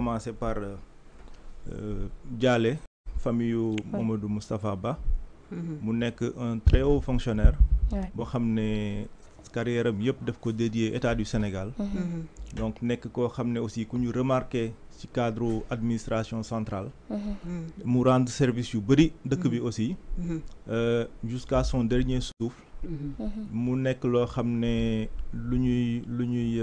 commencer par Dialé euh, euh, famille de Mamadou Moustapha Ba mhm. mu nek un très haut fonctionnaire boo a carrière am que à état du Sénégal mhm. Mhm. donc nek que xamné aussi qu'on remarqué ci cadre administration centrale mu rend service yu bris de bi aussi euh, jusqu'à son dernier souffle Il nekk loo xam ne lu ñuy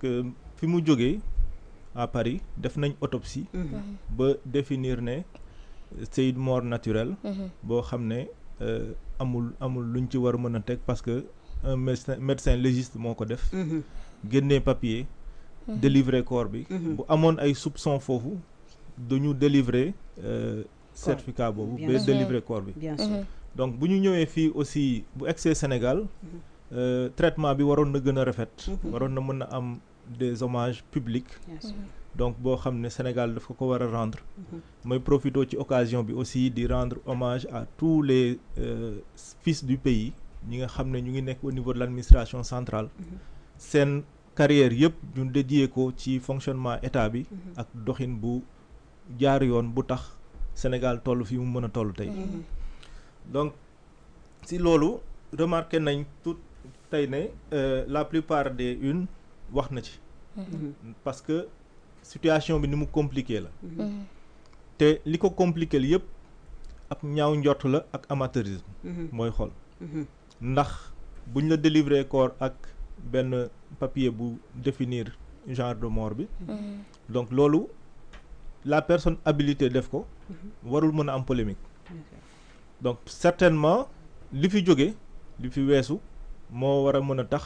que fi mu jógee à Paris def nañ autopsie. Mhm. ba définir ne c'est une mort naturelle. Mhm. boo xam ne euh, amul amul luñ ci war a mën a teg parce que un médecin médecin légiste moo ko def. Mhm. génnee papier. délivrer corps bi. bu amoon ay soupçons foofu duñu délivrer euh, certificat boobu. ba délivrer corps bi. donc bu ñu ñëwee fii aussi bu egsee Sénégal. Euh, traitement bi fait. na gën a rafet. Mhm. na am des hommages publics. Mhm. donc bo xam Sénégal daf ko ko rendre. mooy mhm. profité ci occasion bi aussi de rendre hommage à tous les euh, fils du pays ñi nga au niveau de l'administration centrale. sen carrière yëpp ñu dédié ko ci fonctionnement état bi. ak dohin bu jaar yoon bu tax Sénégal tollu fi mu mën tollu tay donc si lolu remarquer nañ tout euh, la plupart des une wax na ci mm-hmm. parce que situation bi ni mu qui la mm-hmm. mm-hmm. té compliqué c'est que ñaaw avons la ak amateurisme moy xol ndax buñ la délivrer corps ak ben papier bu définir genre de mort bi donc lolu la personne habilitée def ko warul mën a am polémique donc certainement li fi ce li fi wessu mo wara a tax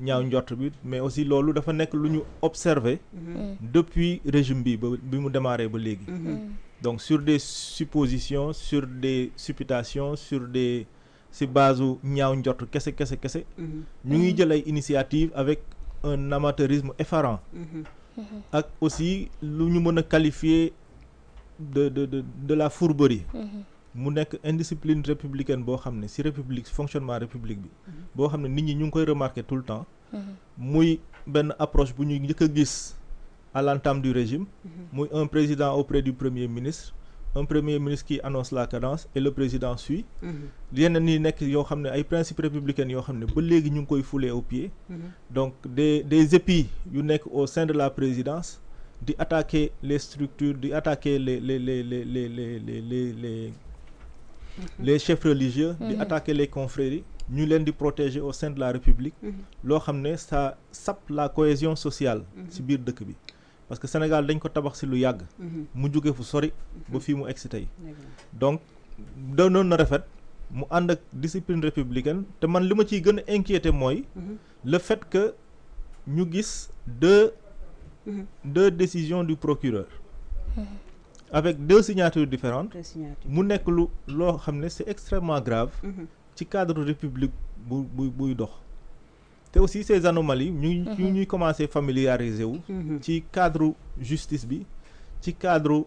ñaaw njort bi mais aussi lolu dafa nous luñu observé mm-hmm. depuis régime bi que bi mu démarré ba légui mm-hmm. donc sur des suppositions sur des supputations sur des bases base quest ñaaw njort ce qu'est-ce mm-hmm. ñu ngi jël ay initiative avec un amateurisme effarant ak aussi nous avons qualifié de de de la fourberie mu nekk indiscipline républicaine boo xam ne ci république fonctionnement république bi mhm. boo xam ne nit ñi ñu koy remarquer tout le temps mhm. muy benn approche bu ñu njëkk a à l'entame du régime mhm. muy un président auprès du premier ministre un premier ministre qui annonce la cadence et le président suit Il y nekk yoo xam ne ay principes républicains yoo xam ne ba ñu ngi koy au pied donc des épis yu au sein de la présidence di attaquer les structures di attaquer les les les les les les Mhm. les chefs religieux di mhm. les confréries nous les protéger au sein de la république mhm. loo c'est que ça sape la cohésion sociale ci biir bi parce que Sénégal dañ ko tabax ci lu yàgg mu jóge fu sori ba mu donc doonoon na rafet mu avons une discipline républicaine te man li ma ciy gën inquiété le fait que nous gis deux deux décisions du procureur avec deux signatures différentes mu c'est extrêmement grave mm-hmm. ci cadre république bu bu aussi ces anomalies ñu commencé à à familiariser dans le mm-hmm. cadre justice bi le cadre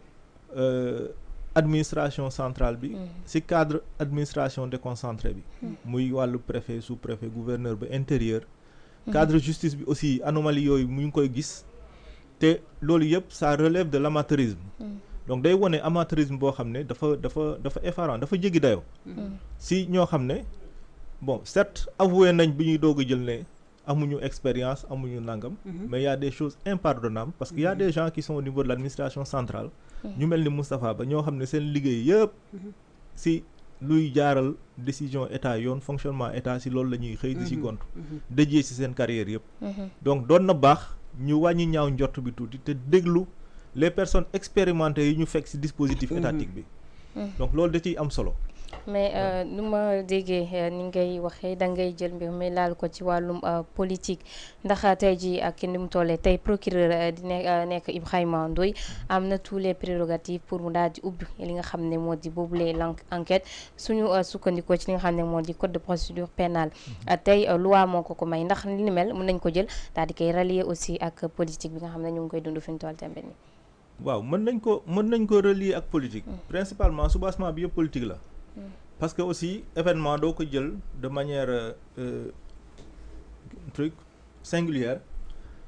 euh, administration centrale bi le mm-hmm. cadre administration déconcentrée bi muy le préfet sous préfet gouverneur de intérieur cadre justice bi aussi anomalies yooyu mu koy gis ça relève de l'amateurisme donc day wane amateurisme boo xam ne dafa dafa dafa effarant dafa jéggi dayoo. Mm-hmm. si ñoo xam ne bon certes avoué nañ bi ñuy doog a jël ne amuñu expérience amuñu nangam. Mm-hmm. mais y a des choses impardonnables parce que y a mm-hmm. des gens qui sont au niveau l'administration centrale. ñu mel ni Moustapha Ba ñoo xam ne seen liggéey yëpp si. luy jaaral décision état yoon fonctionnement état si loolu la ñuy xëy di si gont dëjee si seen carrière yëpp donc doon na baax ñu wàññi ñaaw njort tuuti te déglu les personnes expérimentées yi ñu fekk dispositif mhm. étatique mhm. donc loolu da ciy am mais euh, nu ma déggee euh, ni ngay waxee da ngay euh, politique ndax procureur Ibrahima tous les prérogatives pour mu ubbi li nga enquête code de procédure pénale mhm. loi moo ko may ndax li ni mel aussi ak politique bi nga waaw mën nañ ko mën nañ ko relier ak politique. Mm. principalement soubassement bi politique la. Mm. parce que aussi événement doo ko jël de manière euh, euh, truc singulière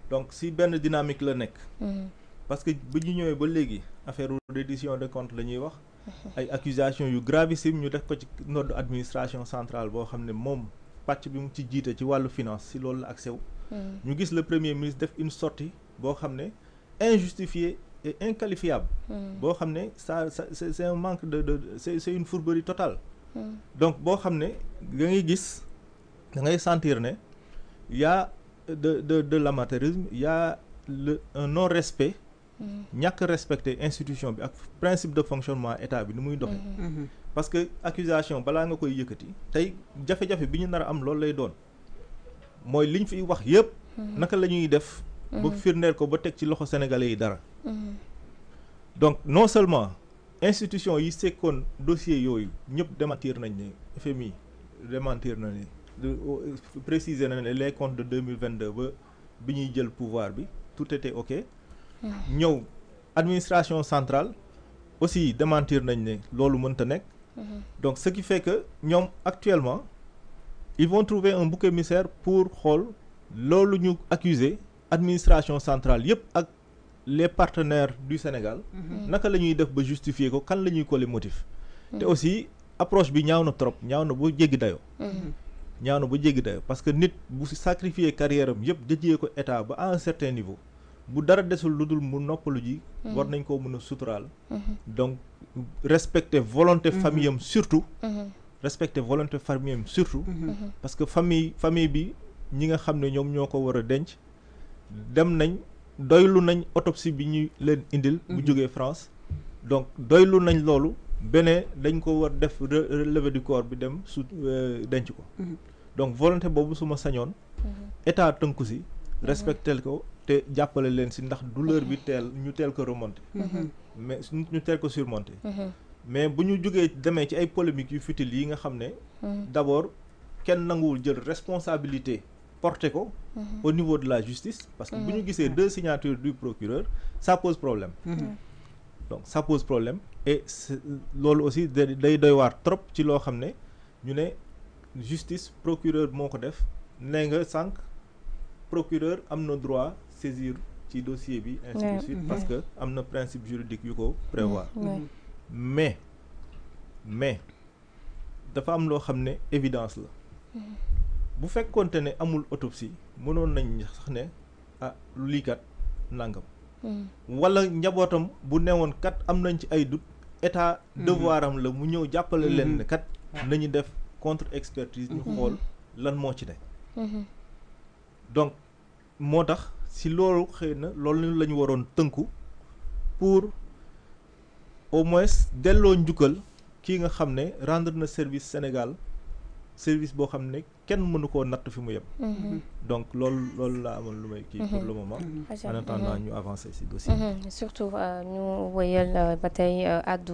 donc si benn dynamique la nekk. Mm. parce que bu ñu ñëwee ba léegi affaire de compte la ñuy wax. ay accusations yu gravissime ñu def ko ci nodd administration centrale boo xam ne moom pàcc bi mu ci jiite ci wàllu finance si loolu la ak sew ñu gis le premier ministre def une sortie boo xam ne injustifiée et inqualifiable. Hmm. boo xam ça ça un manque de de c'est une fourberie totale. Hmm. donc bon, xam ne da ngay gis da ngay sentir ne y' a de de de l'amateurisme, il y' a le un non respect. que hmm. respecter institution bi ak principe de fonctionnement état bi ni muy parce que accusation balaa nga koy yëkkati tey jafé, jafe bi ñu am loolu lay doon mooy liñ fiy wax yëpp. naka la def. Il mhm. firndeel ko ba teg ci loxo sénégalais yi dara mhm. donc non seulement institution fait sekkoon dossier yoy a démentir nañ FMI démentir na précisé, euh, préciser les comptes de 2022, il a deux pouvoir tout était ok L'administration mhm. administration centrale aussi démentir ce qui a été donc ce qui fait que nous, actuellement ils vont trouver un bouc émissaire pour xool loolu ñu accuser administration centrale yëpp ak les partenaires du Sénégal. Mhm. naka la ñuy def ba justifier ko kan la ñuy coller motif. Mhm. te aussi approche bi ñaaw na trop ñaaw na bu jéggi dayoo. Mhm. ñaaw bu jéggi parce que nit bu sacrifier carrière am yëpp ko état ba à un certain niveau bu dara desul lu mu noppalu ji. war nañ koo mën a donc respecter volonté famille surtout. respecter volonté famille surtout. parce que famille famille bi ñi nga xam ne ñoom ñoo ko dem nañ doylu nañ autopsie bi ñu leen indil. bu mhm. jógee France donc doylu nañ loolu bene dañ ko war def relevé du corps bi dem su euh, denc ko. Mhm. donc volonté boobu su ma sañoon. Mhm. état tënku si. respectel ko te jàppale leen si ndax douleur bi teel ñu teel ko remonter mais ñu teel ko surmonté. mais bu ñu jógee demee ci ay polémiques yu futile yi nga xam ne. d' abord jël responsabilité porter mhm. au niveau de la justice parce que mhm. si nous deux signatures du procureur ça pose problème mhm. donc ça pose problème et aussi il trop ci loo xam justice procureur mon def procureur a droit droit saisir ci dossier ainsi suite parce que nous principe juridique yu prévoir mais mais de femmes une évidence bu fekkoonte ne amul autopsie mënoon nañ sax ne ah lii kat nangam. Hmm. wala njabootam bu newoon kat am nañ ci ay doute état hmm. devoir la mu ñëw jàppale hmm. leen ne kat nañu def contre expertise ñu xool lan moo ci ne donc moo tax si loolu xëy na loolu la waroon tënku pour au moins delloo njukkal kii nga xam ne rendre na service Sénégal service boo xam ne kenn mënu koo natt fi mu yem. Mhm. donc loolu loolu laa amoon lu may kii pour mhm. le moment mhm. en attendant ñu avancer si dossier surtout euh, ñu wëyal euh, ba tey àddu euh,